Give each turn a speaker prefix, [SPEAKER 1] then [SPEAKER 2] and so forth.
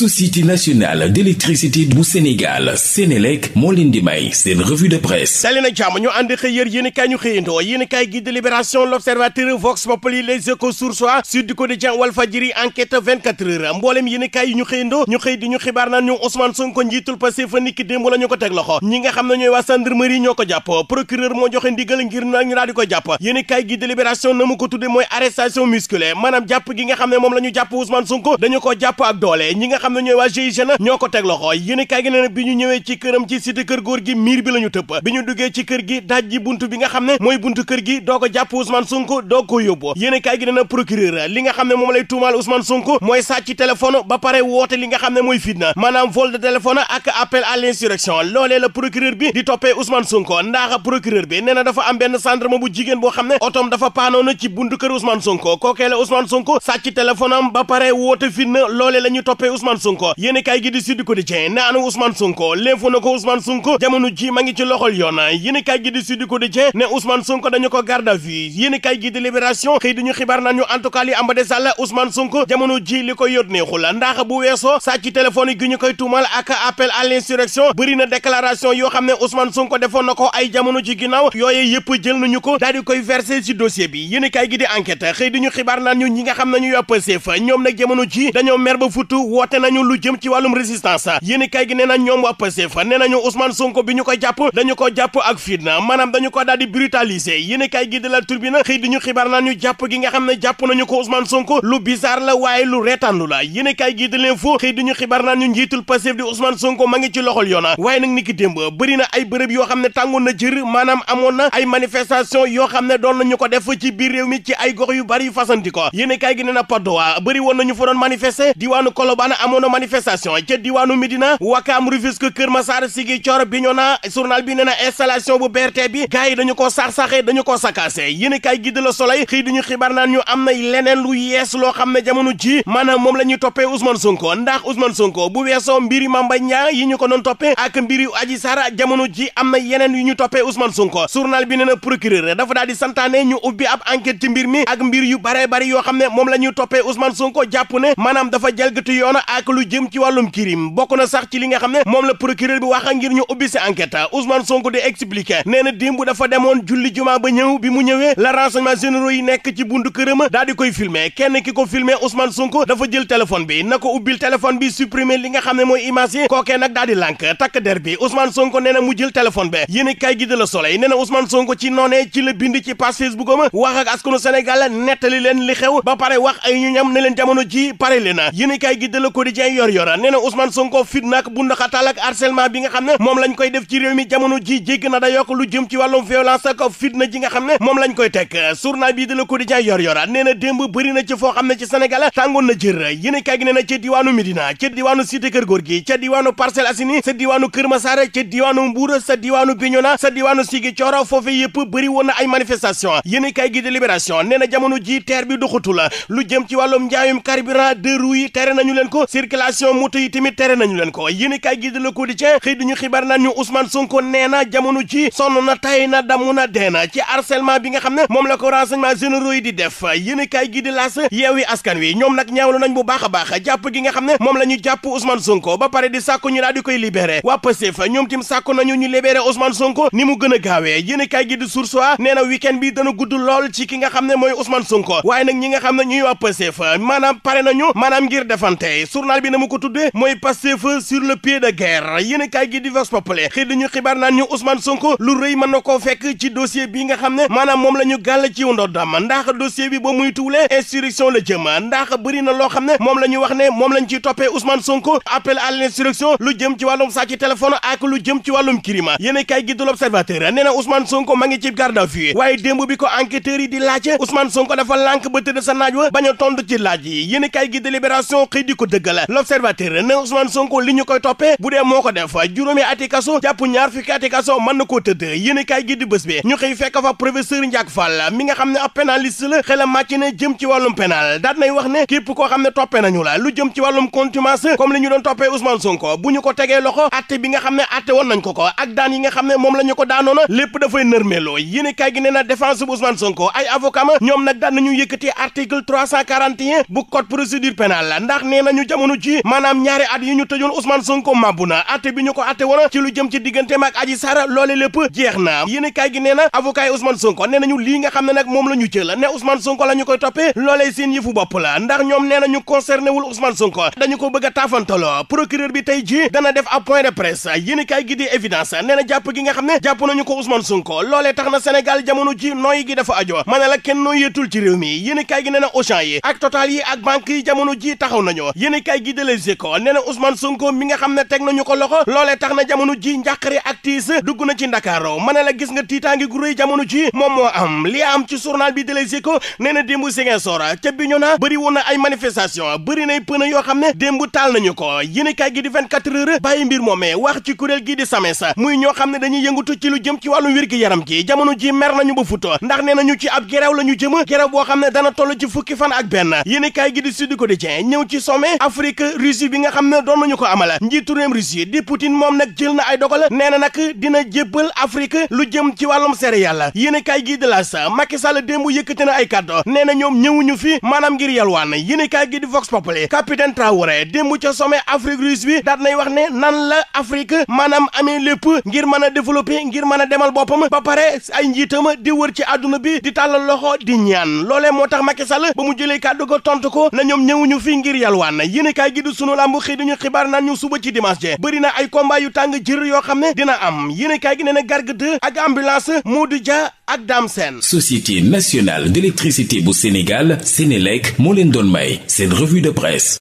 [SPEAKER 1] société nationale d'électricité bu Sénégal Sénélec moo leen di may seen revue de presse tali na jàmm ñu ànd xëy yër yéen kaay ñu xëyandoo yéen i kaay gi de L'Observateur Vox Populi Les Échos Source A Sud Quotidien Walfadjri Enquête 24 heures mbooleem yéen i kaay yi ñu xëyandoo ñu xëy di ñu xibaar naan ñu Ousmane Sonko njiitul Pastef fa niki démb la ñu ko teg loxo ñi nga xam ne ñooy waa gendarmerie ñoo ko jàpp procureur moo joxe ndigal xam ne ñooy waa GIGN ñoo ko teg loxo yéen kaay gi nee na bi ñu ñëwee ci këram ci cité góor gi miir bi la ñu bi ñu duggee ci kër gi daaj ji bi nga xam ne mooy buntu kër gi doo ko jàpp Ousmane Sonko doo ko yóbbu yéen kaay gi nee na procureur li nga xam ne moom lay tuumaal Ousmane Sonko mooy sàcc téléphone ba pare woote li nga xam ne mooy fitna maanaam vol de ak appel à l'insurrection loolee la procureur bi di toppee Ousmane Sonko ndax procureur bi Ousmane Sonko yéen kaay gi di Sud Quotidien ne ana Ousmane Sonko léefu na ko Ousmane Sonko jamono ji ma ngi ci bu weesoo sàcc téléphone gi ñu koy tuumal ak appel à l'insurrection bëri na yoo xam ne Ousmane Sonko defoon na ko ay jamono ci ginnaaw yooye yëpp jël nañu ko daal koy versé ci dossier bi yéen kaay gi di enquête xëy di ñu xibaar nañu ñi nga xam ne ñu yàpp seefa ñoom nag jamono ji dañoo mer futu woote nañu lu jëm ci wàllum résistance yéen kay gi nee na ñoom waa Pastef nee nañu Ousmane Sonko bi ñu ko jàpp dañu ko jàpp ak fitna maanaam dañu ko daal di brutaliser kay gi de la Tribune di ñu xibaar naa ñu jàpp gi nga xam ne jàpp nañu ko Ousmane Sonko lu bizarre la waaye lu reetaanlu la yéen kay gi de l'info di ñu xibaar naa ñu njiitul Pastef di Ousmane Sonko ma ngi ci loxol yoona waaye nag ni ki démb bëri ay bërëb yoo xam ne tàngoon na jër na ay manifestation yoo ko def ci biir réew yu bari yu fasanti ko yéen kay amoon na manifestation ca diwaanu Médina Wakaam Rufisque Kër Massar Ziguinchor Bignona journal bi nee na installation bu BRT bi gars yi dañu ko sax-saxee dañu ko sakaase yéen i kaay gi di la Soleil xëy duñu xibaar naan ñu am na leneen lu yees loo xam ne jamono ji maanaam moom la ñuy toppee Ousmane Sonko ndax Ousmane Sonko bu weesoo mbiri Mame Mbaye Niang yi ñu ko doon toppee ak mbiri Adji Sarr jamono ji am na yeneen yu ñu toppee Ousmane Sonko journal bi nee na procureur dafa daal di santaane ñu ubbi ab enquête ci mbir ak mbir yu bare bari yoo xam ne moom la ñuy toppee Ousmane Sonko jàpp ne maanaam dafa jalgati yoon ak lu jëm ci wàllum kirim bokk na sax ci li nga xam ne moom la procureur bi wax ngir ñu ubbi si enquête Ousmane Sonko di expliqué nee na dafa demoon julli juma ba ñëw bi mu ñëwee la renseignement généraux yi nekk ci buntu këram daal koy filmer kenn ki ko filmer Ousmane Sonko dafa jël téléphone bi na ko ubbil téléphone bi supprimer li nga xam ne mooy image yi kookee nag daal takk der bi Sonko nee mu jël téléphone bi yéen a kaay gi de la a Quotidien yor yora nee na Ousmane Sonko fitna ak bu bi nga xam ne moom lañ koy def ci réew mi jamono ji jégg na da yokk lu jëm ci wàllum violence ak fitna ji nga xam ne moom lañ koy teg journal bii di Le Quotidien yor yora nee na démb bëri ci foo xam ne ci Sénégal tàngoon na jër yéen kay gi nee na ca diwaanu Médina ca diwaanu Cité Kër Góor gi ca diwaanu Parcelles Assainies sa diwaanu Kër Massar ca diwaanu diwaanu Bignona sa diwaanu Ziguinchor foofe di la lu jëm ci wàllum njaayum carburant de roues yi tere nañu circulation moto yi tamit tere nañu leen ko yéen i kaay gi di Le Quotidien xëy duñu xibaar ñu Ousmane Sonko nee na jamono ji na tay na damu na dee ci harcèlement bi nga xam ne moom la ko renseignement généraux yi di def yéen i kaay gi di laas askan wi ñoom nag ñaawlu nañ bu baax a jàpp gi nga xam ne moom la ñu jàpp Ousmane Sonko ba pare di sàkku ñu daal di koy libéré ñoom tim sàkku nañu ñu libéré Ousmane Sonko ni mu gën a gaawee yéen i kaay journal bi na mu ko tuddee mooy na koo fekk ci xam ne maanaam moom la ñu gàll ci ndoddam ndax dossier bi ba muy tuulee la jëm ndax bëri na loo xam ne moom la ñu wax ne moom lañ ciy toppee Ousmane Sonko appel à l'insurrection lu jëm ci wàllum sàcc téléphone ak lu jëm ci wàllum crime yéen a kaay gi di L'Observateur nee na Sonko ma ci garde à waaye démb bi ko enquêteurs yi di laaj Ousmane Sonko dafa lànk ba sa naaj wa bañ a tontu ci laaj yi yéen a gi délibération xëy la l'observateur ne Sonko li ñu koy toppee bu dee moo ko def juróomi ati kaso ñaar fukki ati kaso mën na koo tëdd yéen kaay gi di bés ñu xëy fekk fa professeur Ndiak Fall mi nga xam ne ab pénaliste la xelam màcc jëm ci wàllum pénal daat nay wax ne képp koo xam ne toppee nañu la lu jëm ci wàllum contumace comme li ñu doon toppee Ousmane Sonko bu ñu ko tegee loxo atte bi nga xam ne atte woon ko ko ak daan yi nga xam ne moom jamono ji maanaam yi ñu tëjoon Ousmane Sonko màbbu na atte bi ñu ko atte woon ci lu jëm ci digganteem ak Adji Sarr loole lépp jeex na yéen kaay gi nee na avocat yi Ousmane Sonko lii nga xam ne moom la ñu jël ne Ousmane Sonko la ñu koy toppee loolee seen yëfu bopp la ndax ñoom nee nañu concerné wul Ousmane Sonko dañu ko bëgg a taafantaloo procureur bi tey ji dana def ab point de presse yéen kaay gi di évidence nee jàpp gi nga xam ne jàpp na Sénégal jamono yéenekaay gi de Les mi nga xam ne teg nañu ko loxo loolee tax na jamono ji njàqare ak tiis dugg na ci Ndakaaru ma ne la gis nga tiitaangi gu rëy jamono ji moom moo am li am ci journal bi de Les Échos nee na démb Ziguinchor ca Bignona bëri woon na ay manifestation bëri nay pëna yoo xam ne démb taal nañu ko yéenekaay gi di 24 heures bàyyi mbir moomee wax ci kuréel gi di SAMES muy ñoo xam ne dañuy yëngatu ci lu jëm ci wàllu wér gi yaram gi jamono ji mer nañu ba futo ndax nee nañu ci ab gerew la ñu jëm gerew boo xam ne dana toll ci fukki fan ak benn yéenekaay gi di Sud Quotidien Afrique Russie bi nga xam ne doon nañu ko amal njiitu réewum Russie di Poutine moom nag jël na ay dogal nee na nag dina jébbal Afrique lu jëm ci wàllum céréales yéenekaay gi de la sa Macky Sall démb yëkkati na ay kàddu nee na ñoom ñëwuñu fi maanaam ngir yalwaan yéenekaay gi di Vox Populi capitaine Traoré démb ca sommet Afrique Russie daat nay wax ne nan la Afrique maanaam amee lépp ngir mën a développer ngir mën a demal boppam ba pare ay njiitam di wër ci àdduna bi di tàllal loxo di ñaan loolee moo tax Macky Sall mu jëlee kàddu ko tontu ko na ñoom ñëwuñu ngir yalwaan yéenekaay gi du sunu làmb xëy dañu xibaar naan ñu suba ci dimanche je bëri na ay combat yu tàng jër yoo xam ne dina am yéenekaay gi ne na Garga 2 ak ambulance Modou Dia ak Dame Sène Société nationale d'électricité bu Sénégal Sénélec moo leen doon may seen revue de presse